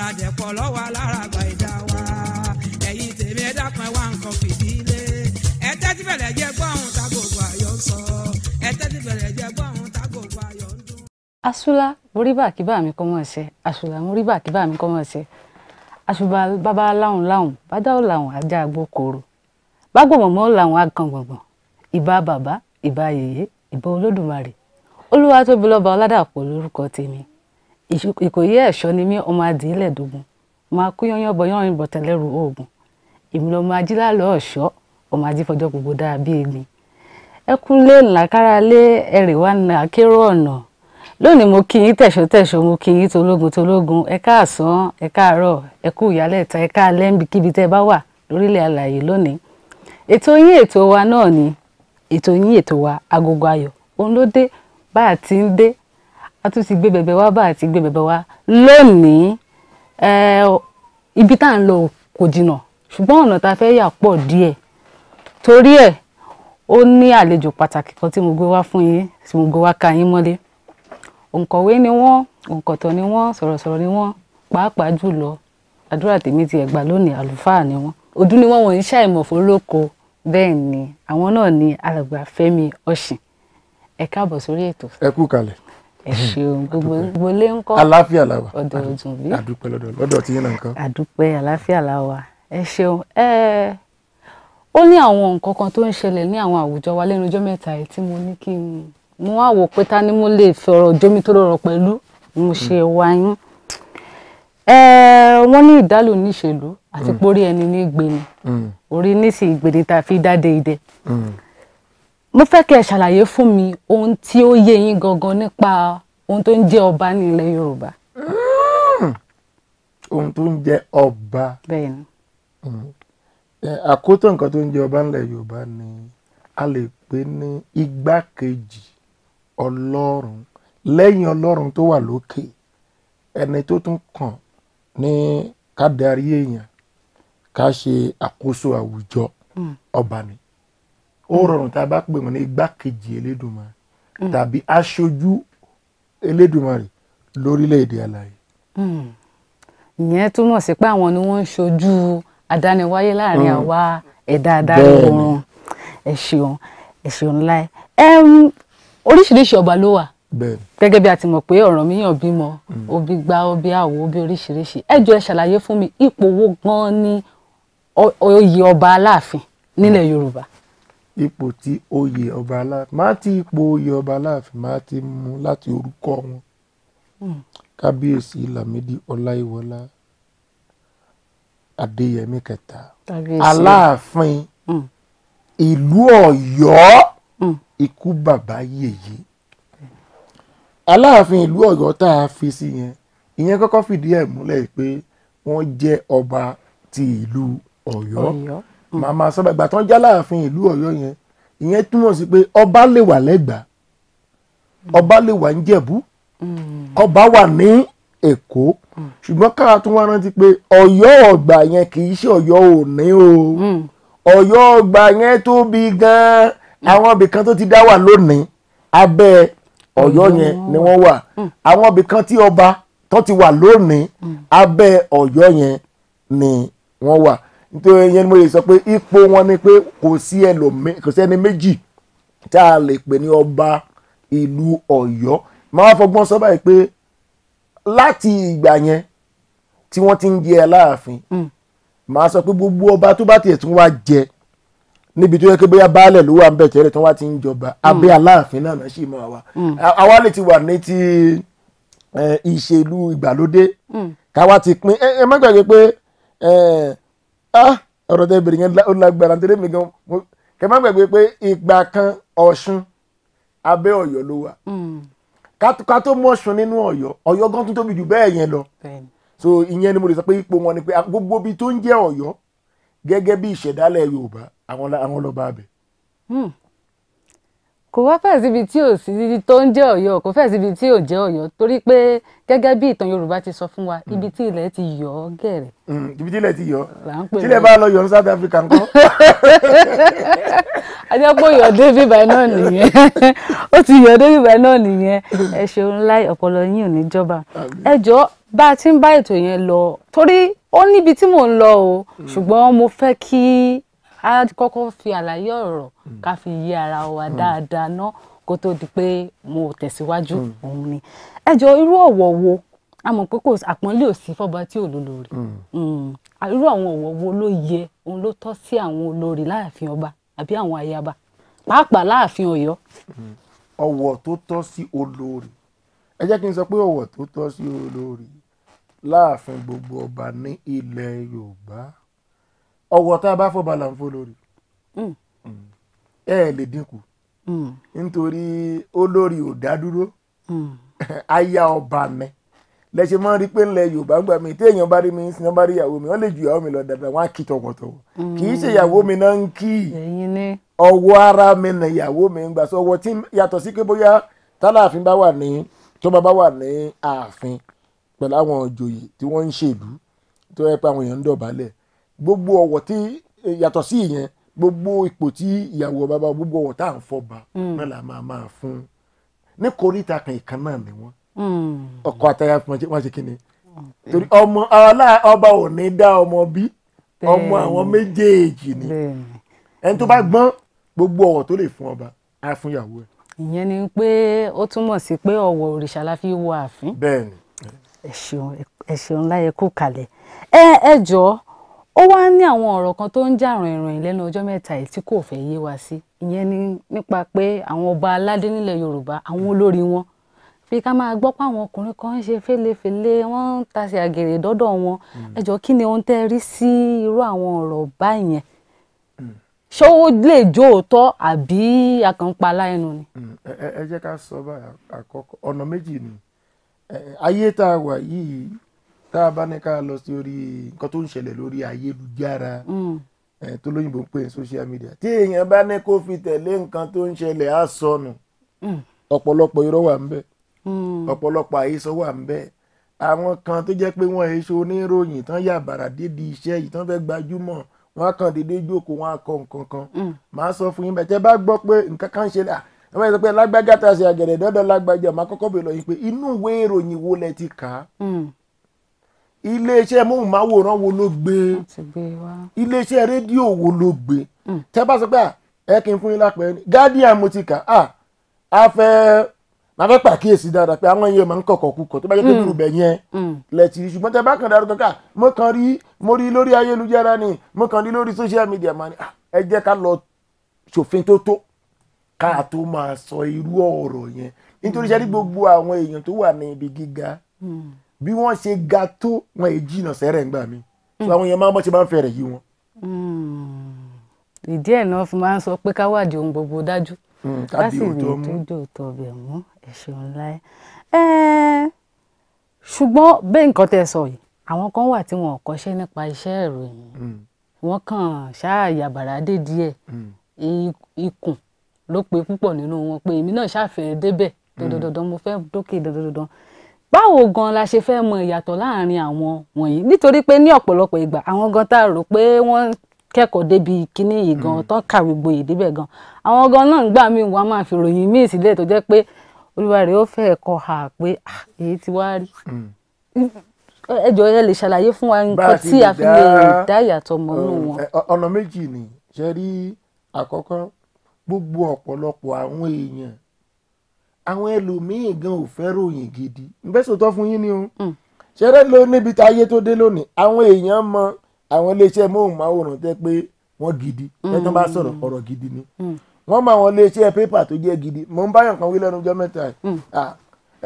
àràdẹ̀pọ̀ lọ́wọ́ aláràgbà ìdá wa ẹ̀yin tèmi ẹ̀dá kan wá nǹkan fìdílé ẹ tẹ́tí bẹ̀rẹ̀ jẹ́ gbọ́ àwọn tá gbogbo ayọ̀ ń sọ ẹ tẹ́tí bẹ̀rẹ̀ jẹ́ gbọ́ àwọn tá gbogbo ayọ̀ ń asula moríbà kí bá mi kọ́mọ ẹ̀sẹ̀ asula moríbà kí mi kọ́mọ ẹ̀sẹ̀ àṣùbà bàbá láhùn láhùn bàdá ò láhùn ajá àgbò kòrò bágbọ̀mọ̀mọ́ làwọn akàn gbọ̀ngbọ̀n ìbà bàbá ìbà yèyé ìbà olódùmarè olúwa tóbi lọ́ba ọládàpọ̀ lórúkọ tèmi ìkòyí ẹ̀ṣọ́ ni mí ọmọ adìyẹlẹ̀ dógún máa kú yányán bọ yánrin bọ̀ tẹ̀lẹ́rù oògùn èmi lọ́mọ ajílálọ́ ọ̀ṣọ́ ọmọ ajífọjọ́ gbogbo dáa bí egbin ẹkúnlé làkàràlé ẹrè wá nà kérò ọ̀nà lónìí mo kí yín tẹ̀sọ́ tẹ̀sọ́ mo kí yín tológun tológun ẹ káàsán ẹ káàárọ̀ ẹ kú ìyálẹ̀ta ẹ káàlẹ́ níbikíbi tẹ́ bá wà lórílẹ̀ àlàyé lónìí ètò yín ètò wa náà ni ètò a tún ti gbé bẹ̀bẹ̀ wá bá àti gbé bẹ̀bẹ̀ wá lónìí ibi tá à ń lọ kò jìnnà ṣùgbọ́n ọ̀nà tá a fẹ́ yà pọ̀ díẹ̀ torí ẹ̀ ó ní àlejò pàtàkì kan tí mo gbé wá fún yín tí mo gbé wá ka yín mọ́lé òǹkọ̀wé ni wọ́n òǹkọ̀tọ̀ ni wọ́n sọ̀rọ̀sọ̀rọ̀ ni wọ́n pàápàá jùlọ àdúrà tèmi ti ẹ̀gbà lónìí àlùfáà ni wọ́n ọdún ni wọ́n wọ̀n ń ṣàìmọ̀fó lóko bẹ́ẹ̀ ni àwọn náà ni alàgbà Fẹ́mi Ọ̀sìn ẹ káàbọ̀ sórí ètò. ẹ kú kalẹ̀ ẹ ṣeun gbogbo gbogbo lé ń kọ́ àlàáfíà làwà ọ̀dọ̀ ọ̀dùn bí àdúpẹ́ lọ́dọ̀ lọ́dọ̀ tí yín náà ń kọ́. àdúpẹ́ àlàáfíà làwà ẹ ṣeun ẹ ó ní àwọn nǹkan kan tó ń ṣẹlẹ̀ ní àwọn àwùjọ wa lẹ́nu ọjọ́ mẹ́ta yìí tí mo ní kí n mo wá pé ta ni mo lè fọ̀rọ̀ jómi tó lọ́rọ̀ pẹ̀lú mo hmm. ṣe wáyún wọ́n ní ìdálò níṣèlú àti hmm. pórí ẹni ní gbeni hmm. orí nísìnyí gbeni ta fi dáde ìdẹ mo fẹ́ kẹ́ ẹ ṣàlàyé fún mi ohun tí ó yé yín gangan nípa ohun tó ń jẹ́ ọba ní ilẹ̀ Yorùbá. Hmm. ohun tó ń jẹ́ ọba. bẹ́ẹ̀ni. Hmm. àkótó nǹkan tó ń jẹ́ ọba nílẹ̀ Yorùbá ni a lè pè ní igbákejì ọlọ́run lẹ́yìn ọlọ́run tó wà lókè ẹni tó tún kàn ní ká darí èèyàn ká ṣe àkóso àwùjọ hmm. ọba ni ó rọrùn tá a bá pè wọ́n ní igbákejì Elédùmarè hmm. tàbí aṣojú Elédùmarè lórílẹ̀‐èdè alààyè. Hmm. ìyẹn túmọ̀ sí pé àwọn ni wọ́n ń ṣojú adániwáyé láàrin hmm. àwa ẹ̀dá adarí oorun ẹ ṣeun ẹ ṣeun láì oríṣiríṣi ọba ló wà gẹ́gẹ́ bí a ti mọ̀ pé Ọ̀rànmíyàn bímọ obi gbá obi àwo obi oríṣiríṣi ẹ ẹ ṣàlàyé fún mi ipò wo gan-an ni oyè ọba Aláàfin nílẹ̀ Yorùbá ipò tí oyè ọba aláàfin má ti ipò oyè ọba aláàfin má ti mú láti orúkọ wọn hmm. kábíyèsí Lámídì Ọláyíwọlá Adéyẹmí kẹta aláàfin hmm. ìlú Ọ̀yọ́ hmm. ikú bàbá yèyé aláàfin ìlú Ọ̀yọ́ tá a fi sí yẹn ìyẹn kọ́kọ́ fìdí ẹ̀ múlẹ̀ pé wọ́n jẹ́ ọba ti ìlú Ọ̀yọ́. màmá sọba ìgbà tán já láàfin ìlú Ọ̀yọ́ yẹn ìyẹn túmọ̀ sí pé ọba lè wà lẹ́gbàá ọba lè wà ń jẹ̀bú ọba wà ní èkó ṣùgbọ́n kára tún wá rántí pé Ọ̀yọ́ ọ̀gbà yẹn kì í ṣe Ọ̀yọ́ òní o Ọ̀yọ́ ọ̀gbà yẹn tóbi gan-an àwọn ibìkan tó ti dá wà lónìí abẹ́ Ọ̀yọ́ yẹn ni wọ́n wà àwọn ibìkan tí ọba tó ti wà lónìí abẹ́ Ọ̀yọ́ yẹn ni wọ́n wà. nítorí yẹn ni mo lè sọ pé ipò wọn ni pé kò sí ẹlòmíì kò sí ẹni méjì tá a lè pè ní ọba ìlú Ọ̀yọ́ máa wá fọgbọ́n sọ báyìí pé láti ìgbà yẹn tí wọ́n ti ń jẹ Aláàfin máa hmm. sọ pé gbogbo ọba tó bá tiẹ̀ tún wá jẹ níbi tó yẹ kí bóyá baálẹ̀ ló wà ń bẹ̀ tẹ́lẹ̀ tí wọ́n ti ń jọba hmm. abẹ́ Aláàfin náà náà sì máa wà hmm. àwa lè ti wà ní ti ìṣèlú ìgbàlódé káwa ti pín ẹ má gbàgbé pé ah ọ̀rọ̀ tẹ́ bèrè yẹn ó lágbára nítorí mi gan kẹ má gbàgbé pé ìgbà kan ọ̀ṣun abẹ́ ọ̀yọ́ ló wà hmm. ká tó mú ọ̀ṣun nínú ọ̀yọ́ ọ̀yọ́ gan tó tóbi jù bẹ́ẹ̀ yẹn lọ so ìyẹn ni mo lè sọ pé ipò wọn ni pé gbogbo ibi tó ń jẹ́ ọ̀yọ́ gẹ́gẹ́ bí ìṣẹ̀dálẹ̀ yorùbá àwọn lọ́ba abẹ. Hmm kò wá fẹ́ẹ̀ síbi tí ò sí tó ń jẹ́ ọ̀yọ́ kò fẹ́ẹ̀ síbi tí ò jẹ́ ọ̀yọ́ torí pé gẹ́gẹ́ bí ìtàn yorùbá ti sọ fún wa mm. ibi tí ilẹ̀ ti yọ ọ́ gẹ̀rẹ̀. Mm, ibi tí ilẹ̀ ti yọ tí ilẹ̀ bá lọ yọ ní South Africa ńkọ́. ajẹ́pọ̀ yọ̀ dé bíbá náà nìyẹn ó ti yọ̀ dé bíbá náà nìyẹn ẹ ṣeun láì ọpọlọ yín ò ní jọba ẹ jọ bá a ti ń bá ètò yẹn lọ torí ó níbi tí mò ń lọ o mm. ṣùgbọ́n mo fẹ́ kí A kọ́kọ́ fi àlàyé ọ̀rọ̀ hmm. ká fi yé ara wa hmm. dáadáa ná kó tó di pé mo tẹ̀síwájú hmm. òun ni ẹ jọ irú ọ̀wọ̀ wo a mọ̀ pé kò àpọ́nlé ò sí fọ́ba tí ò lólórí irú àwọn ọ̀wọ̀ wo ló yẹ òun ló tọ́ sí àwọn olórí láàfin ọba àbí àwọn ayaba pàápàá láàfin Ọ̀yọ́. ọ̀wọ̀ tó tọ́ sí olórí ẹ jẹ́ kí n sọ pé ọ̀wọ̀ tó tọ́ sí olórí láàfin gbogbo ọba ní ilẹ̀ Yorùbá ọwọ́ tá a bá fọ́ balà ń fọ́ lórí mm. ẹ lè dínkù mm. nítorí olórí ò dá mm. aya ọba mi lẹ́sẹ̀ máa ń rí pé ńlẹ̀ yorùbá ń gbà mí tí èèyàn bá rí mi sinmi bá rí ìyàwó mi wọ́n lè ju ìyàwó mi lọ dáadáa wọ́n á kí tọ̀wọ̀tọ̀wọ̀ kì í ṣe ìyàwó mi náà ń kí ọwọ́ ara mi nà ìyàwó mi ń gbà sọ ọwọ́ tí yàtọ̀ sí pé bóyá tálàfin bá wà ní tọ́ba bá wà ní ààfin pẹ̀lú àwọn òjòyè tí wọ́n ń ṣèlú tó yẹ pé àwọn èèyàn ń dọ̀bálẹ̀ gbogbo ọ̀wọ̀ tí e, yàtọ̀ sí ìyẹn gbogbo ipò tí ìyàwó bàbá gbogbo ọ̀wọ̀ tá à ń fọba mm. náà la máa máa fún ní koríta kan ìkan náà ni wọ́n mm. ọkọ àtaya wọ́n ṣe kíni mm. torí ọmọ ọlá ọba ò ní dá ọmọ bí ọmọ àwọn méjèèjì ni ẹni tó bá gbọ́n gbogbo ọ̀wọ̀ tó lè fún ọba á fún ìyàwó ẹ̀. ìyẹn ni pé ó túmọ̀ sí pé ọ̀wọ̀ òrìṣà la fi wọ ààfin. bẹ́ẹ̀ni. ẹ ṣeun ẹ kalẹ̀ ẹ ẹ jọ̀ọ́ ó wá ní àwọn ọ̀rọ̀ kan tó ń jà rìnrìn lẹ́nu ọjọ́ mẹ́ta yìí tí kò fẹ́ yé wa sí ìyẹn ni nípa pé àwọn ọba aládé nílẹ̀ yorùbá àwọn olórí wọn bí ká máa gbọ́ pé àwọn ọkùnrin kan ń ṣe fẹ́lẹ́fẹ́lẹ́ wọ́n ń tasẹ̀ àgèrè dọ́dọ̀ wọn hmm. ẹ jọ kí ni ohun tẹ́ rí sí irú àwọn ọ̀rọ̀ báyẹn hmm. ṣé ó lè jó òótọ́ àbí akànpalá ẹnu ni. Hmm. ẹ jẹ́ ká sọ báyìí àkọ́kọ́ ọ̀nà méjì ni ayé tá a wà yìí tá a bá ní ká lọ sí orí nǹkan tó ń ṣẹlẹ̀ lórí ayélujára mm. tó lóyìnbó ń pè ní social media tí èèyàn bá ní kó fi tẹ̀lé nǹkan tó ń ṣẹlẹ̀ á sọnù mm. ọ̀pọ̀lọpọ̀ irọ́ wà ń bẹ mm. ọ̀pọ̀lọpọ̀ àhesọ wà ń bẹ àwọn kan tó jẹ́ pé wọ́n èso oníròyìn tán yà bàrà dédi iṣẹ́ yìí tán fẹ́ gbajúmọ̀ wọn kàn déédéé jókòó wọn akọ nǹkan kan màá sọ fún yín bẹ́ẹ̀ tẹ́ bá gbọ́ pé nǹkan kan ṣẹlẹ̀ ẹ máa sọ pé lágbájá tá a ṣe àgẹ̀dẹ̀ dọ́dọ̀ lágbájá màá kọ́kọ́ bèèrè lọ yín pé inú ìwé ìròyìn wo lẹ ti kà á iléeṣẹ́ móhùnmáwòrán wo ló gbé iléeṣẹ́ rédíò wo ló gbé hmm. tẹ́ bá sọ pé ẹ kí n fún yín lápẹ́ guardian mo ti kà á a fẹ́ máa fẹ́ pàkíyèsí dáadáa pé àwọn èèyàn máa ń kọ̀kọ̀ kúkọ̀ tó bá jẹ́ pé hmm. irú bẹ̀ yẹn hmm. lẹ́tì ṣùgbọ́n tẹ́ bá kàn dárúkọ ká mo kàn rí mo rí lórí ayélujára ni mo kàn rí lórí social media mà ẹ jẹ́ ká lọ ṣòfin tó tó ká tó máa sọ irú ọ̀rọ̀ yẹn nítorí ṣe rí gbogbo àwọn èèyàn tó wà ní ibi gíga bí wọ́n ṣe ga tó wọn è jìnnà sẹ́rẹ̀ ńgbà mi so àwọn yẹn máa ń bọ́ ṣe máa ń fẹ̀rẹ̀ yí wọn. Hmm. ìdí ẹ̀ náà fi máa ń sọ pé káwádìí ohun gbogbo dájú lásìrì ìdójò tọbẹ̀ mú ẹ̀ṣẹ̀ ńlá ẹ̀ ṣùgbọ́n bẹ́ẹ̀ nǹkan tẹ́ sọ yìí àwọn kan wà tí wọn ò kọ́ṣẹ́ nípa iṣẹ́ ìròyìn hmm. wọn kàn ṣáà yàbàrá dé díẹ̀ hmm. ikùn ló pe púpọ̀ nínú wọn pé èmi náà ṣàfẹ́ débẹ̀ dandandandan mo fẹ́ dókè dandandandan báwo gan la ṣe fẹ́ mọ ìyàtọ̀ láàrin àwọn wọ̀nyí nítorí pé ní ọ̀pọ̀lọpọ̀ ìgbà àwọn gan tá a rò pé wọ́n kẹ́kọ̀ọ́ débi kíní yìí gan mm. tán kàwé gboyè débẹ̀ gan àwọn gan náà nígbà míì wọn a máa fi ròyìn míì sílẹ̀ tó jẹ́ pé olúwa rẹ̀ ó fẹ́ kọ́ ha pé ah, èyí ti wá rí mm. ẹ ẹ lè ṣàlàyé fún wa nǹkan tí a fi lè dá ìyàtọ̀ mọ́ nù um, wọn. ọ̀nà méjì ni ṣe rí àkọ́kọ́ gbogbo ọ̀pọ̀lọpọ̀ àwọn èèyàn àwọn ẹlòmíín gan ò fẹ́ ròyìn gidi nbẹ́sọ̀ tọ́ fún yín ni o hmm. ṣẹ́rẹ́ ló níbi tá ayé tó dé lónìí àwọn èèyàn mọ àwọn iléeṣẹ́ móhùnmáwòrán tẹ́ pé wọ́n gidi hmm. tẹ́tọ́ bá sọ̀rọ̀ ọ̀rọ̀ gidi ni hmm. wọ́n mọ àwọn iléeṣẹ́ pépà tó jẹ́ gidi mò ń báyọ̀ kan wí lẹ́nu ọjọ́ mẹ́ta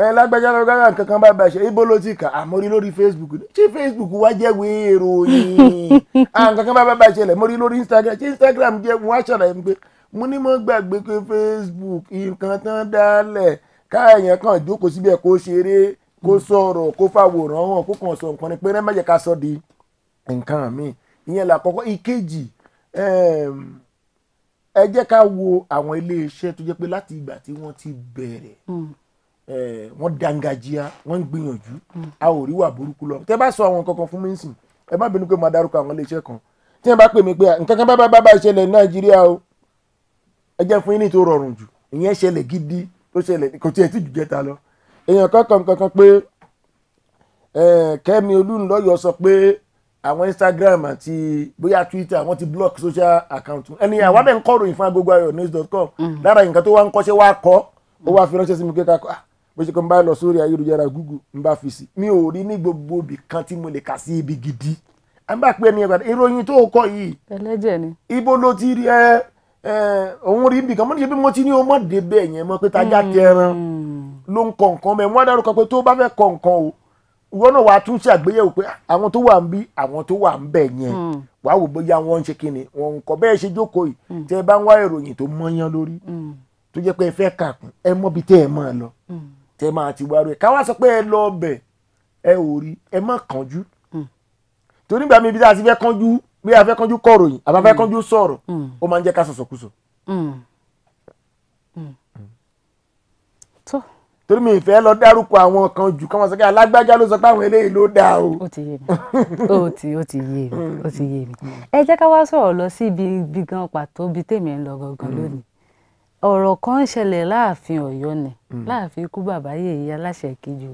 ẹ lágbájá lọ́gbájá nǹkan kan bá bá ibo ló ti kà àmórí lórí facebook ṣé facebook wá jẹ́ wéèrò yìí nǹkan kan bá bá ṣẹlẹ̀ mórí lórí instagram ṣé instagram jẹ́ wọ́n á mo ní mo gbàgbé pé Facebook nǹkan tán dálẹ̀ káàyàn kan jókòó síbẹ̀ kó ṣeré kó mm. sọ̀rọ̀ kó fàwòrán hàn kó kàn sọ nǹkan ni pé rẹ́mẹ̀jẹ̀ ká sọ di nǹkan mi ìyẹn làkọ́kọ́ ìkejì ẹ jẹ́ ká wo àwọn iléeṣẹ́ tó jẹ́ pé láti ìgbà tí wọ́n ti bẹ̀rẹ̀ mm. wọ́n dangajia wọ́n ń gbìyànjú mm. a ò rí wà burúkú lọ tẹ́ bá sọ àwọn kankan fún mi nsìn ẹ má bínú pé mo dárúkọ àwọn iléeṣẹ́ kan tí wọ́n bá pè mí pé nǹkan kan bá bá bá ìṣẹ̀lẹ̀ Nàìjíríà o ẹ jẹ́ fún yín ní tó rọrùn jù ìyẹn ṣẹlẹ̀ gidi tó ṣẹlẹ̀ kò tiẹ̀ tí jù jẹta lọ èèyàn kankan kankan pé Kẹ́mi Olúńlọ́yọ̀ sọ pé àwọn Instagram àti bóyá Twitter àwọn ti block social account ẹni àwa bẹ́ẹ̀ ń kọ̀ròyìn fún agogoayọ̀news.com mm. lára nǹkan tó wá ń kọ́ṣẹ́ wá kọ́ ó wá fi ránṣẹ́ sí mi pé ká kọ́ ah, bó ṣe kọ́ ń bá lọ sórí ayélujára Google ń bá fi sí mi ò rí ní gbogbo ibì kan tí mo lè kà sí ibi gidi à ń bá pé ẹni ẹgbàá ìròyìn tó kọ yìí ibo ló ti rí ẹ Eh, òun rí ibìkan mọ́ni ṣe bí wọ́n ti ní o mọ̀ dé bẹ́ẹ̀ yẹn mọ́ pé tajá ti ẹran hmm. ló ń kọ nǹkan mẹ́rin wọ́n á dárúkọ pé tó bá fẹ́ kọ nǹkan o ìwọ náà wàá tún ṣe àgbéyẹ̀wò pé ah, àwọn tó wà ń bí àwọn tó wà ń bẹ̀ yẹn hmm. wàá wò bóyá wọ́n ń ṣe kí ni wọ́n ń kọ bẹ́ẹ̀ ṣe jókòó yìí hmm. tẹ́ ẹ bá ń wá ìròyìn tó mọ́yán lórí tó jẹ́ pé ẹ fẹ́ kàkún ẹ mọ́bi tẹ́ ẹ máa lọ tẹ́ máa ti wá rẹ̀ káwá sọ pé ẹ lọ bẹ̀ ẹ ò rí ẹ má kánjú torí gbàmí ibi tá a ti fẹ́ kánjú bí a fẹ́ kánjú kọ̀rọ̀ yìí àbá fẹ́ mm. kánjú sọ̀rọ̀ mm. ó máa ń jẹ́ ká sọ̀sọ̀kúsọ. Mm. torí mi ìfẹ́ lọ dárúkọ àwọn kan jù káwọn sọ́kẹ́ alágbájá ló sọ pé àwọn eléyìí ló dáa o. ó ti yé mi ó ti ó ti yé mi ó ti yé mi ẹ jẹ́ ká wá sọ̀rọ̀ lọ sí ibi ibi gan pàtó ibi tèmi ń lọ gangan lónìí ọ̀rọ̀ kan ṣẹlẹ̀ láàfin ọ̀yọ́ ni láàfin ikú bàbá yèyí aláṣẹ kejì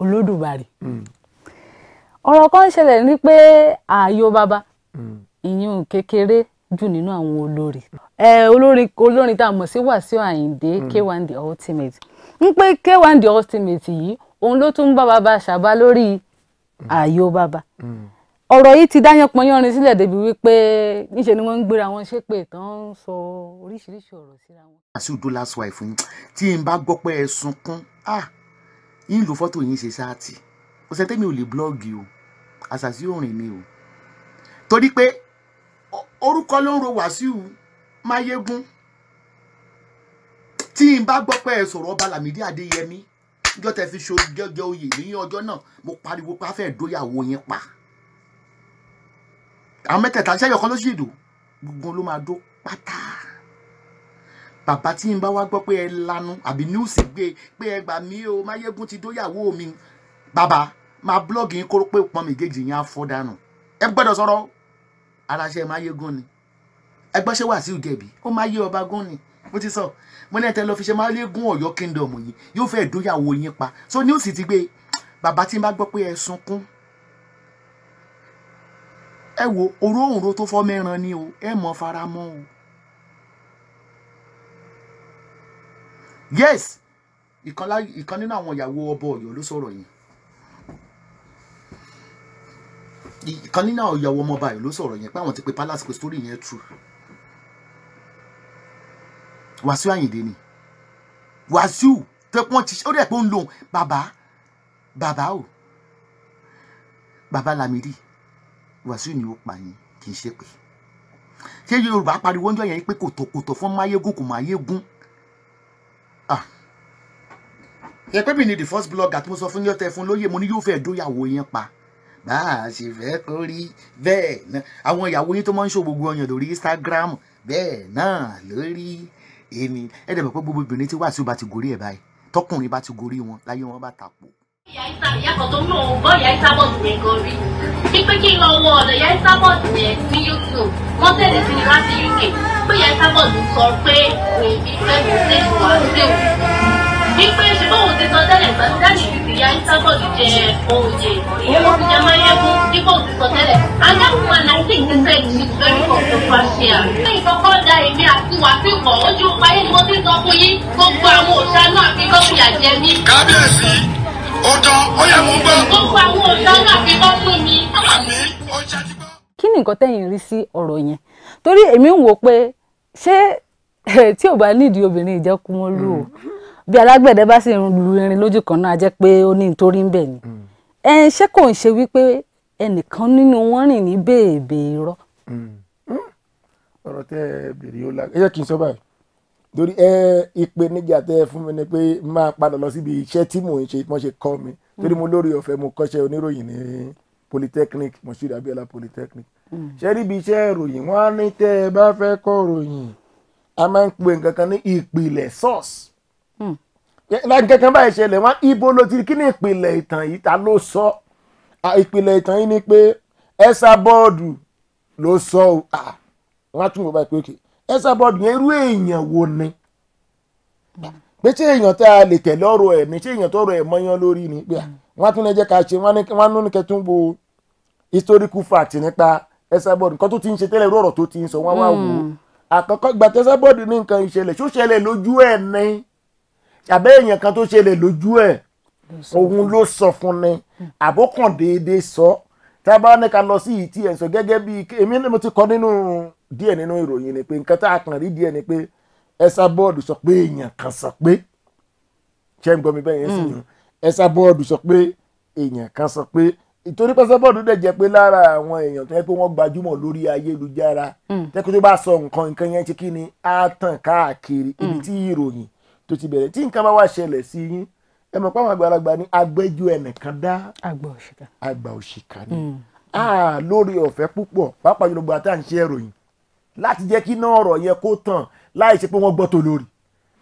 olódùbarè ọ̀rọ̀ kan ṣẹlẹ̀ ní pé ààyò bàbá ìyún kékeré jù nínú àwọn olórin olórin olórin tá a mọ̀ sí Wàsíù Àyìndé K1 the ultimate ń pé K1 the ultimate yìí òun ló tún ń bá bàbá ṣàbá lórí ààyò bàbá ọ̀rọ̀ yìí ti dáyán pọnyánrin sílẹ̀ débi wípé níṣẹ́ ni wọ́n ń gbéra wọn ṣépè tán ń sọ oríṣiríṣi ọ̀rọ̀ síra wọn. Wàsíù tó last wife yín tí n bá gbọ́ pé ẹ sunkún ah, yín lo fọ́tò yín ṣe ṣáàtì kò sẹ́ńtẹ́mi ò lè blọ́ọ̀gì o àṣàṣì òrìn mi o torí pé orúkọ ló ń ro Wàsíù Máyégún tí n bá gbọ́ pé ẹ sọ̀rọ̀ ọba Lámídì Adéyẹmí ọjọ́ tẹ fi ṣojọ́jọ́ oyè ní ọjọ́ náà mo pariwo pé a fẹ́ dóyàwó yẹn pa àwọn mẹ́tẹ̀ẹ̀ta ṣẹ́yọ̀ kan ló ṣèdò gbogbo ló máa dó pátá bàbá tí n bá wá gbọ́ pé ẹ lanu àbí níwùsì gbé pé ẹ gbà mí o Máyégún ti dóyàwó mi bàbá máa búlọ́ọ̀gì yín kóró pé pọ́n méjèèjì yẹn á fọ́ dànù ẹ gbọ́dọ̀ sọ̀rọ̀ aláṣẹ máyégún ni ẹgbọ́n ṣé Wàsíù Jẹ̀bi ó máa yé ọba gún ni mo ti sọ mo ní ẹtẹ lọ fi ṣe máa lé gún Ọ̀yọ́ kingdom yìí yóò fẹ́ dóyàwó yín pa so ní òsì ti gbé bàbá tí n bá gbọ́ pé ẹ sunkún ẹ wo oró òǹro tó fọ́ mẹ́ran ni o ẹ mọ̀ fara mọ́ o yes ìkan nínú àwọn ìyàwó ọba Ọ̀yọ́ ló sọ̀rọ̀ yẹn kan nínú àwọn ìyàwó ọmọọba yìí ló sọ̀rọ̀ yẹn pé àwọn ti pe palace pé story yẹn true Wàsíù Àyìndé ni Wàsíù tẹpọn ti ó dẹ̀ pé ó ń lo bàbá bàbá o bàbá Lámìdí Wàsíù ni ó pa yín kì í ṣe pé ṣé Yorùbá pariwo ń jọ yẹn pé kòtòkòtò fún máyégún kò máyégún ah yẹ pé mi ni the first blogger tí mo sọ fún yọtẹ fún lóye mo ní yóò fẹ́ dóyàwó yẹn pa bá a ṣe fẹ́ kó rí bẹ́ẹ̀ náà àwọn ìyàwó yín tó máa ń ṣó gbogbo ọyàn lórí Instagram bẹ́ẹ̀ náà lórí èmi ẹ dẹ̀ mọ̀ pé gbogbo obìnrin tí wà tí ó bá ti gorí ẹ̀ báyìí tọkùnrin bá ti gorí wọn láyé wọn bá tàpọ̀. ìyá ìta ìyá kan tó ń lòun gbọ́ ìyá ìta bọ́ọ̀dù yẹn gan rí kí n lọ wọ ọ̀dọ̀ ìyá ìta bọ́ọ̀dù ní YouTube wọ́n tẹ̀lé sí ni láti UK pé ìyá ìta bọ́ọ̀dù sọ pé òun bí fẹ́ mi Ìyánísàbọ̀dù jẹ ohun ìjẹ ìmọ̀lẹ́. Ó ti jẹ Máyégún dípò òtítọ́ tẹ́lẹ̀. Adáhùn àlàyé ìgbésẹ̀ ìlú lórí ọ̀pọ̀ pàṣẹ. Kábíyèsí, ó ó yẹ mú gbọ́. Gbogbo Kí ni nǹkan tẹ́yìn rí sí ọ̀rọ̀ yẹn? Torí èmi ń wò pé ṣé tí ò bá nídìí obìnrin ìjẹkùmọ́lú o. Mm bí alágbẹ̀dẹ bá sì lu irin lójú kan náà a jẹ́ pé ó ní nítorí ń bẹ̀ ni mm. ẹ ṣé kò ń ṣe wípé ẹnìkan nínú wọn rìn ní bèbè irọ́. Mm. Mm. ọ̀rọ̀ tẹ́ ẹ bèrè yóò lágbá ẹ jẹ́ kí n sọ báyìí torí ẹ ìpèníjà tẹ́ ẹ fún mi ni pé máa padà lọ síbi iṣẹ́ tí mò ń ṣe mo ṣe kọ́ mi torí mo lórí ọ̀fẹ́ mo kọ́ṣẹ́ oníròyìn ní polytechnic moshood abiola polytechnic ṣe rí ibi iṣẹ́ ìròyìn wọn á ní tẹ́ ẹ bá fẹ́ kọ́ ròyìn a máa ń pe nǹkan kan ní ìpìlẹ̀ source láti hmm. kankan báyìí ṣẹlẹ̀ wá ibo ló ti kí ni ìpìlẹ̀ ìtàn yìí ta ló sọ ìpìlẹ̀ ìtàn yìí ni pé ẹ̀sà bọ́ọ̀dù ló sọ ọ́ wọ́n ba tún wọ́n báyìí pé òkè ẹ̀sà bọ́ọ̀dù wo ni pé tí èèyàn tá a lè tẹ̀lé ọ̀rọ̀ ẹ̀ ní tí èèyàn ẹ̀ mọ́yán ni pé wọ́n tún lè jẹ́ ká ṣe wọ́n á nú ní historical fact nípa ẹ̀sà bọ́ọ̀dù kan tó ti ń ṣe tẹ́lẹ̀ ọ̀rọ̀ tó ti ń sọ àbẹ́ èèyàn kan tó ṣẹlẹ̀ lójú ẹ̀ òun ló sọ fún ni àbókàn déédéé sọ tá a bá ní ká lọ sí ìtì e ẹ̀ sọ gẹ́gẹ́ bí èmi ni mo ti kọ́ nínú díẹ̀ nínú ìròyìn ni pé nǹkan tá a kàn rí díẹ̀ ni pé ẹ̀sà bọ́ọ̀dù sọ pé èèyàn kan sọ pé ṣé ń gbọ́ mi bẹ́ẹ̀ yẹn sì mm. yàn ẹ̀sà bọ́ọ̀dù sọ pé èèyàn kan sọ pé ìtorí pẹ́sẹ́bọ́ọ̀dù dẹ̀ jẹ́ pé lára àwọn èèyàn tó yẹ pé wọ́n gbajúmọ̀ lórí ayélujára mm. tẹ́kọ̀ tó bá sọ nǹkan nǹkan yẹn ti kí ni á tàn káàkiri mm. ibi tí ìròyìn tó ti bẹ̀rẹ̀ tí nǹkan bá wá ṣẹlẹ̀ sí yín ẹ mọ̀ pé àwọn àgbàlagbà ní agbẹ́jọ́ ẹnìkan dá àgbà òṣìkà ni hmm. lórí ọ̀fẹ́ púpọ̀ pàápàá jùlọ gbogbo àtà ń ṣe ìròyìn láti jẹ́ kí náà ọ̀rọ̀ yẹn kó tàn láì ṣe pé wọ́n gbọ́ tó lórí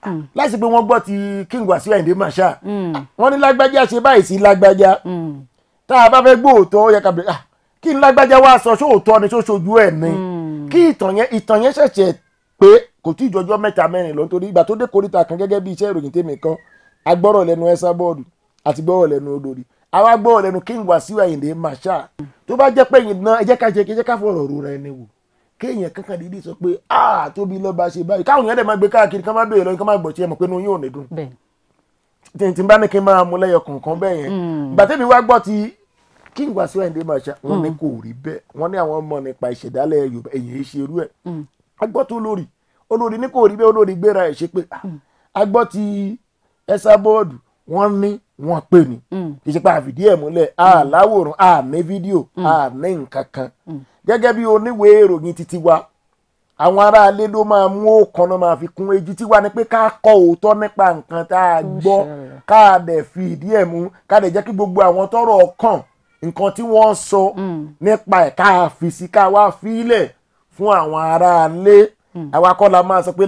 hmm. láì ṣe pé wọ́n gbọ́ ti King Wasiu Ayinde Marshal hmm. wọ́n ní lágbájá ṣe báyìí sí lágbájá tá a bá fẹ́ gbóòótọ́ ó yẹ ká ah, kí n lágbájá wá sọ sóòótọ́ ni sóṣojú ẹ̀ ni kí ìtàn yẹn ìtàn yẹn ṣẹ̀ṣẹ̀ pé kò tí ì jọjọ́ mẹ́ta mẹ́rin lọ nítorí ìgbà tó dé koríta kan gẹ́gẹ́ bí iṣẹ́ ìròyìn tèmi kan agbọ́rọ̀ lẹ́nu ẹ̀sà bọ́ọ̀dù àti gbọ́rọ̀ lẹ́nu olórí àwa gbọ́rọ̀ lẹ́nu King Wasiu Ayinde Marshal tó bá jẹ́ pé ìyìn náà ẹ jẹ́ ká jẹ́ ká fọ̀rọ̀ ru ra ẹni wò kéèyàn kankan dídí sọ pé ah Tóbi lọ́ba ṣe báyìí káwọn èèyàn dẹ̀ máa gbé káàkiri kán máa béèrè lọ́yìn kán máa gbọ̀ tí ẹ mọ̀ pé inú yóò ní dùn tìǹtìǹ bá ní kí n máa mú lẹ́yọ kọ̀ọ̀kan bẹ́ẹ̀ yẹn hmm. gbàtẹ́mi wá gbọ́ ti King Wasiu Ayinde Marshal wọ́n ní hmm. kò rí bẹ́ẹ̀ wọ́n ní àwọn ọmọ nípa ìṣẹ̀dálẹ̀ Yorùbá èyí ṣerú ẹ̀ hmm agbọ́tò olórí olórí ní kò rí bẹ́ẹ̀ olórí gbéra ẹ̀ ṣe pé agbọ́ ah, mm. ti ẹ̀sà bọ́ọ̀dù wọ́n ní wọ́n pè ní mm. kì í ṣe pé àfìdí ẹ̀ múlẹ̀ àláwòrán mm. àmì fídíò àmì nǹkan kan gẹ́gẹ́ bí oníwèé ìròyìn títí wa àwọn aráalé ló máa mú òkan náà máa fi kún èjì tí wà ní pé ká kọ òótọ́ nípa nǹkan tá a gbọ́ ká a dẹ̀ fi ìdí ẹ̀ mú ká dẹ̀ jẹ́ kí gbogbo àwọn tọ́rọ̀ kàn nǹkan tí wọ́n sọ nípa ẹ̀ ká fi sí ká wá fi í fún àwọn aráalé hmm. àwa kọ́ la máa sọ pé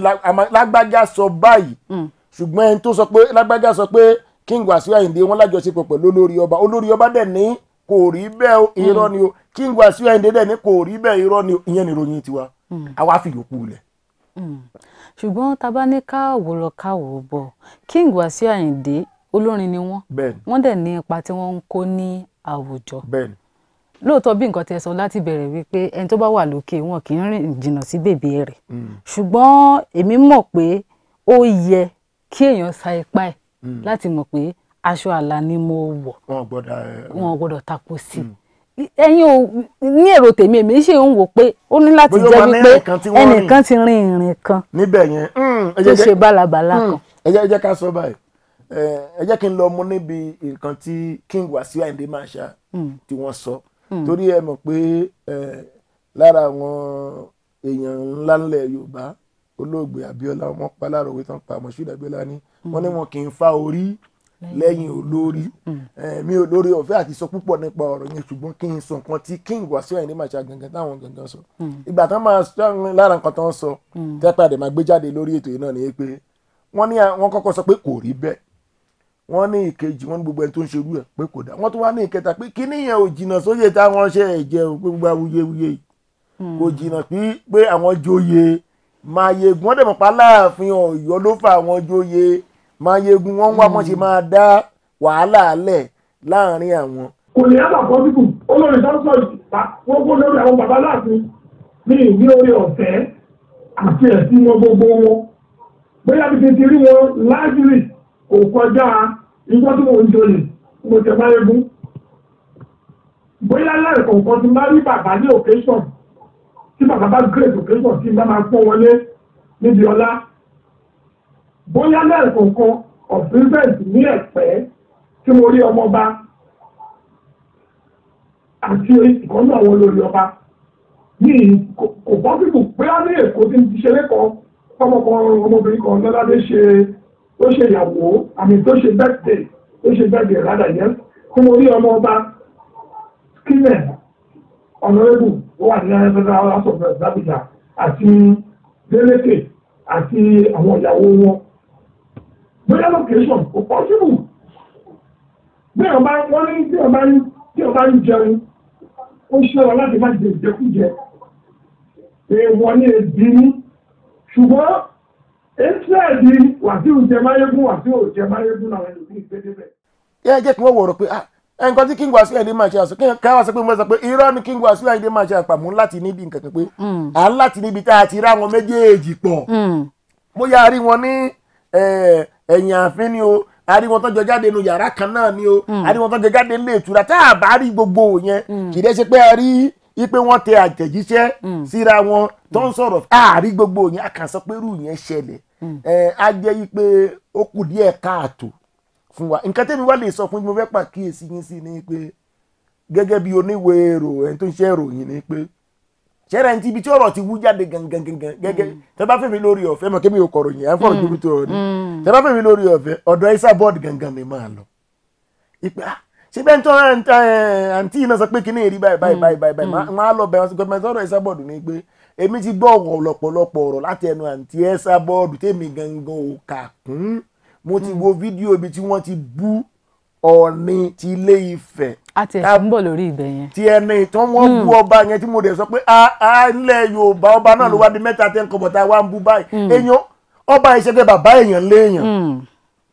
lágbájá sọ báyìí hmm. ṣùgbọ́n ẹni tó sọ pé lágbájá sọ pé King Wasiu Ayinde wọn lájọṣepọ̀ pẹ̀lú olórí ọba olórí ọba dẹ̀ ní kò rí bẹ́ẹ̀ hmm. irọ́ ni o King Wasiu Ayinde dẹ̀ ní kò rí bẹ́ẹ̀ irọ́ ni ìyẹn ni ìròyìn tiwa àwa fi yòókù lẹ̀. ṣùgbọ́n tá a bá bọ̀ King Wasiu Ayinde olórin ni wọ́n wọ́n dẹ̀ ní ipa tí wọ́n ń kó ní àwùjọ. bẹ́ẹ̀ni lóòótọ́ bí nǹkan tẹ sọ láti bẹ̀rẹ̀ wípé ẹni tó bá wà lókè wọn kì í rìn jìnnà sí bèbè rẹ̀ mm. ṣùgbọ́n èmi mọ̀ pé ó yẹ kí èèyàn sa ipá ẹ̀ mm. láti mọ̀ pé aṣọ àlà ni mo wọ̀ wọn gbọ́dọ̀ eh, tako sí i mm. ẹ̀yin o ní èrò tèmi èmi ṣe ń wò pé ó ní láti jẹ́ wípé ẹnìkan ti rin ìrìn kan níbẹ̀ yẹn tó ṣe bálabàla kan. ẹ jẹ́ ká sọ báyìí eh, ẹ jẹ́ kí n lọ mú níbi nǹkan tí King Wasiu Ayinde Marshal tí wọ́n sọ. So Hmm. torí ẹ mọ̀ pé lára àwọn èèyàn ńlá ńlẹ̀ Yorùbá olóògbé Abíọ́lá wọn pa láàrọ̀ òwe tán pa Moshood Abíọ́láni hmm. wọn ní wọn kì í fa orí lẹ́yìn olórí hmm. mi ò lórí ọ̀fẹ́ àti sọ púpọ̀ nípa ọ̀rọ̀ yẹn ṣùgbọ́n kí n sọ nǹkan tí King Wasiu Ayinde Marshal gangan táwọn gangan sọ ìgbà tán máa sọ lára nǹkan tán sọ tẹ́pẹ́ àdèmàgbéjáde lórí ètò yìí náà ni pé wọ́n ní wọ́n kọ́kọ́ sọ pé kò rí bẹ́ẹ̀ wọ́n ní ìkejì wọ́n ní gbogbo ẹni tó ń ṣerú ẹ̀ pé kò dá wọ́n tún wá ní ìkẹta pé kíní yẹn ò jìnnà sóyè táwọn ṣe ẹ̀jẹ̀ ò pé gbogbo awuyewuye hmm. kò jìnnà pé àwọn joyè Maiyegun wọ́n dẹ̀mọ̀pá láàfin Ọ̀yọ́ ló fa àwọn joyè Maiyegun wọ́n wá wọ́n ṣe máa dá wàhálà lẹ̀ láàrin àwọn. kò lè yára bọ́ síkù olórin dáńsọ̀ gbogbo lórí àwọn bàbá láàfin ní ìwé orí ọ̀fẹ́ nígbà tí mo ń jolè mo tẹ̀ máa egun bóyá láì kọ̀ọ̀kan ti máa rí bàbá ní occasion tí bàbá bá great occasion tí bá máa pọ́n wọlé níbi ọlá bóyá láì kọ̀ọ̀kan of present ní ẹ̀pẹ́ tí mo rí ọmọ ọba àti ìkọ́nú àwọn olórí ọba ní kò bọ́ fífò pé á ní èkó tí ń ti ṣeré kan ọmọkùnrin ọmọbìnrin kan lọ́ládé ṣe é ó ṣe ìyàwó àmì tó ṣe bẹ́tẹ̀ ó ṣe bẹ́tẹ̀ rádà yẹn fún orí ọmọ ọba kílẹ̀ ọ̀nàrẹ́bù ó wà ní ẹgbẹ́ta ọlọ́sọ̀fẹ́ ìdábìjà àti délékè àti àwọn ìyàwó wọn bóyá location kò pọ́sibù bí ọba wọn ní bí ọba ní bí ọba ń jẹun ó ṣọ́ra láti má jẹ ìjẹkújẹ èèwọ̀ ni èdè ní ṣùgbọ́n. Israẹli wàsíù jẹmáyégún wàsíù jẹmáyégún làwọn ẹlòmíì gbé débẹ̀. yẹ jẹ́ kí wọ́n wòrò pé ah, nǹkan tí King Wasiu Ayinde máa ṣe àṣọ káyọ̀ wá sọ pé mo sọ pé irọ́ ni King Wasiu Ayinde máa ṣe àpàmú láti níbi nǹkan kan pé hmm. à ń láti níbi tá a ti rá wọn méjèèjì pọ̀ hmm. mo yà á rí wọn ní ẹ̀yìn ààfin ni o a rí wọn tó jọ jáde nu yàrá kan náà ni o hmm. a rí wọn tó jọ jáde nílé ìtura tá a bá rí gbogbo yẹn kì í dẹ́ ṣe pé a rí ipe wọ́n tẹ àtẹ̀jíṣẹ́ mm. síra wọn tó ń sọ̀rọ̀ mm. àárí gbogbo yẹn àkànṣe pẹ̀lú yẹn ṣẹlẹ̀ á mm. jẹ́ ipe ó kù díẹ̀ káàtó fún wa nǹkan tẹ́mi wá lè sọ fún mo fẹ́ pàkíyèsí yín sí ni pé gẹ́gẹ́ bí oníwèé èrò ẹni tó ń ṣe ìròyìn ni pé ṣẹ́ra ẹni tí ibi tí ọ̀rọ̀ ti wú jáde gangan gangan gẹ́gẹ́ tẹ́ bá fẹ́mi lórí ọ̀fẹ́ mọ̀ kébì òkọ̀rọ̀ yẹn fọ̀rọ̀ dúró tó ọ̀rọ̀ tẹ́ bá fẹ́mi lórí ọ̀fẹ́ ọ̀dọ̀ ẹ́sà bọ́ọ̀dù gangan ni máa lọ. ìpè ah ṣé bẹ́ẹ̀ tó rẹ̀ àǹtí iná sọ pé kíní èrí báyìí báyìí hmm. báyìí báyìí hmm. máa lọ bẹ̀rẹ̀ sí gọ́ọ̀mẹ̀ntì ọ̀rọ̀ Esabod ni pé èmi ti gbọ́ ọ̀rọ̀ lọ́pọ̀lọpọ̀ ọ̀rọ̀ láti ẹnu àǹtí Esabod tèmi gangan ò kà kún mo ti hmm. wo fídíò ibi tí wọ́n ti bú Ọọ̀ni ti Ilé Ifẹ̀. a ti ẹ̀sìn ń bọ̀ lórí ibẹ̀ yẹn. ti ẹni tán wọ́n bú ọba yẹn tí mo dẹ̀ sọ pé ilẹ̀ Yorùbá ọba náà ló wá di mẹ́ta tẹ́ ń ń bú báyìí èèyàn ọba ìṣẹ́gbẹ́ bàbá èèyàn léèyàn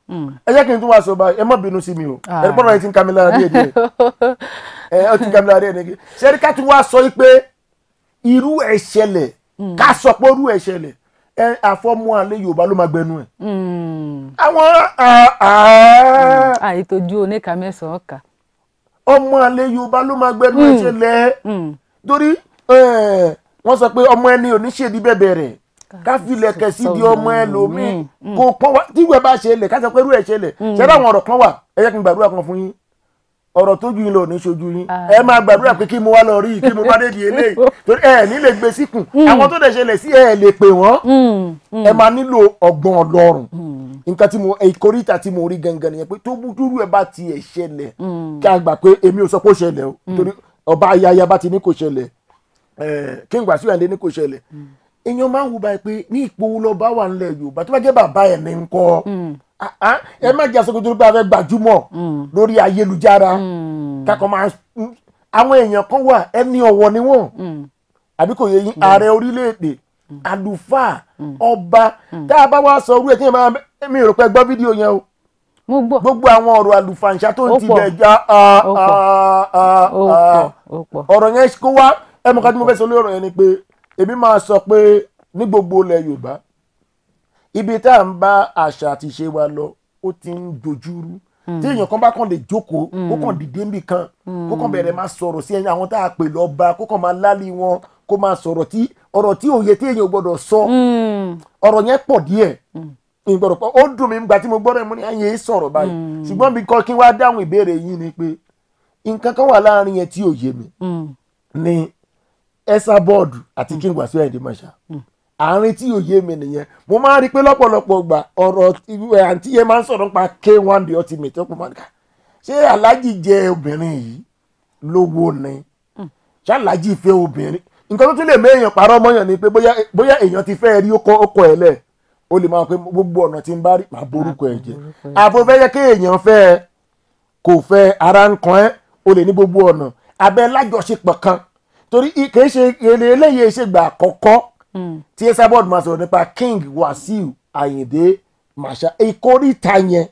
ẹ jẹ́ kí n tún wá sọ báyìí ẹ má bínú sí mi o ah. ẹ pọ́nrọ́ yìí ti ń ka mi lára díẹ̀ díẹ̀ ẹ ó ti ń ka mi lára díẹ̀ díẹ̀ ṣẹ́rí ká tún wá sọ yìí pé irú ẹ̀ ṣẹlẹ̀ hmm. ká sọ pé irú ẹ̀ ṣẹlẹ̀ ẹ àfọmọ́ alẹ́ Yorùbá ló máa gbẹnu ẹ̀. Hmm. àwọn ah, hmm. ah. àìtójú oníkà mẹ́sàn-án kà. ọmọ alẹ́ Yorùbá ló máa gbẹnu ẹ̀ ṣẹlẹ̀ torí wọ́n sọ pé ọmọ ẹni ò ṣèdí bẹ́ẹ̀ bẹ̀rẹ̀ ká fi lẹ̀kẹ̀ sí di ọmọ ẹlòmíì mm, mm. kò pọ́n wá tí ìwé bá ṣe lẹ̀ ká sọ pé irú ẹ̀ ṣe lẹ̀ mm. ṣe bá àwọn ọ̀rọ̀ kan wà ẹ jẹ́ kí n gbàdúrà kan fún yín ọ̀rọ̀ tó ju yín lọ ní ṣojú yín ah. ẹ máa gbàdúrà pé kí mo wá lọ rí kí mo bá dé di eléyìí torí ẹ ní lè gbé síkùn àwọn tó dẹ̀ ṣẹlẹ̀ sí ẹ lè pè wọ́n ẹ máa nílò ọgbọ́n Ọlọ́run nǹkan tí mo ìkórìtà tí mo rí gangan nìyẹn pé tó dúrú ẹ bá tiẹ̀ ṣẹlẹ̀ kí a gbà pé èmi ò sọ pé ó ṣẹlẹ̀ o torí ọba ayaba ti ní kò ṣẹlẹ̀ kí n gbà sí ní kò ṣẹlẹ̀ èèyàn máa ń wù báyìí pé ní ipò lọba wà nílẹ̀ yorùbá tó bá jẹ́ bàbá ẹ̀ ní nǹkan hmm. ah, ah, ẹ má jẹ́ aṣọ́gbó tó bá fẹ́ gbajúmọ̀ hmm. lórí ayélujára hmm. kakọ̀ máa àwọn èèyàn kan wà ẹni ọ̀wọ̀ ni wọ́n àbí kò yẹ yín ààrẹ orílẹ̀-èdè àlùfáà ọba tá a bá wá sọ orú ẹ̀ kí ẹ máa mi rò pé gbọ́ fídíò yẹn o gbogbo àwọn ọ̀rọ̀ àlùfàǹṣá tó ń tilẹ̀ já ọ̀rọ̀ yẹn kó wá ẹ̀mọ̀kan tí mo fẹ́ sọ lórí ọ̀rọ̀ yẹn ni pé èmi máa sọ pé ní gbogbo ilẹ̀ Yorùbá ibi tá à ń bá àṣà àti ìṣe wa lọ ó ti ń dojúrú hmm. tí èèyàn kan bá kàn lè jókòó hmm. kó kàn dìde níbì kan kó kàn hmm. bẹ̀rẹ̀ máa sọ̀rọ̀ sí ẹni àwọn tá a pè lọ́ba kó kàn máa lálé wọn kó máa sọ̀rọ̀ tí ọ̀rọ̀ tí òye tí èèyàn gbọ́dọ̀ sọ ọ̀rọ̀ yẹn pọ̀ díẹ̀ ìgbọ̀rọ̀ pọ̀ ó dùn mí nígbà tí mo gbọ́dọ̀ mú ní ẹ̀yìn sọ̀rọ̀ báyìí ṣùgbọ́n mi kọ́ kí n wá dáhùn ìbéèrè yín ni pé nǹkan kan wà láàrin yẹn tí òye mi ni ẹsà bọọdù àti hmm. King Wasiu Ayinde Marshal hmm. àárín tí òye mi nìyẹn mo máa rí i pé lọ́pọ̀lọpọ̀ gbà ọ̀rọ̀ àǹtí yẹn máa ń sọ̀rọ̀ nípa K1 the ultimate ọkùnrin máa ń kà ṣé aláàjì jẹ obìnrin yìí lówó ni hmm. ṣé aláàjì fẹ́ obìnrin nǹkan tó tún lè mé èèyàn parọ́ mọ́yàn ni pé bóyá èèyàn ti fẹ́ rí ọkọ ẹ̀ lẹ̀ o lè máa pe gbogbo ọ̀nà tí ń bá rí màá borúkọ ẹ̀ jẹ́ àfọ̀fẹ́ kí èèyàn fẹ́ kò fẹ́ ara ń kan ẹ́ o lè ní gbogbo ọ̀nà abẹ́ lájọṣepọ̀ kan torí kìí ṣe eré eléyìí ṣègbà àkọ́kọ́ hmm. tí Esabod máa sọ̀rọ̀ nípa King Wasiu Ayinde Marshal ìkórìtà yẹn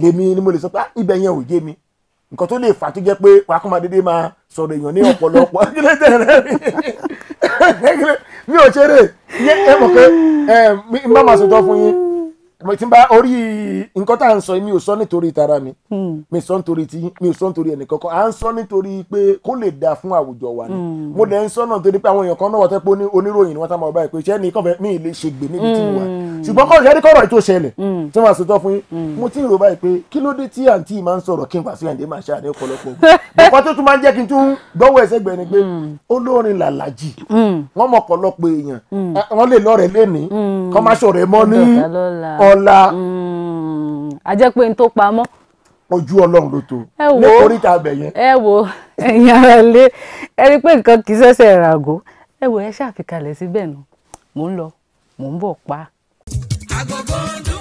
lèmi ni mo lè sọ pé ah, ibẹ̀ yẹn ò yé mi nǹkan tó lè fà tó jẹ́ pé wàá kó máa dédé sọ̀rọ̀ èèyàn ní ọ̀pọ̀lọpọ̀ mi ò ṣeré ẹ mọ̀ pé má máa sọ̀tọ̀ fún yín mo ti ń bá orí nǹkan tá à ń sọ mi ò sọ nítorí tara mi hmm. mi sọ nítorí ti mi ò sọ nítorí ẹnìkankan à ń sọ nítorí pé kó lè dáa fún àwùjọ wa ni hmm. mo dẹ̀ ń sọ náà nítorí pé àwọn èèyàn kan náà wọ́n tẹ́ pé oníròyìn ni wọ́n tá máa báyìí pé iṣẹ́ ní kọ́fẹ́ mi ì lè ṣe gbè níbi tí mo wà hmm. ṣùgbọ́n kọ́ ìṣẹ́rí kọ́rọ̀ ètò ìṣẹ̀lẹ̀ tí wọ́n sọ fún yín mo ti rò báyìí pé kí ló dé tí àǹtí máa ń sọ̀rọ̀ kí n pàṣẹ àǹdé máa ṣáà ní ọ̀pọ̀lọpọ̀ ọ̀pọ̀ tó tún máa ń jẹ́ kí n tún gbọ́wọ́ ẹsẹ̀ gbẹ̀ ni pé olórin làlàjì wọ́n mọ̀ ọ̀pọ̀lọpọ̀ èèyàn wọ́n lè lọ́ọ̀rẹ́ lẹ́ni kọ́ máa ṣọ̀rẹ́ mọ́ ní ọ̀ ọlá. Hmm, a jẹ́ pé n tó pamọ́. ojú ọlọ́run ló tó nítorí ta bẹ̀ ẹ wo ẹ̀yin ara ilé ẹ pé nǹkan kì í ṣẹ̀ṣẹ̀ ràgó ẹ wo ẹ ṣàfikalẹ̀ síbẹ̀ nù mò ń lọ mò ń bọ̀ pa. àgọ́gọ́ ń d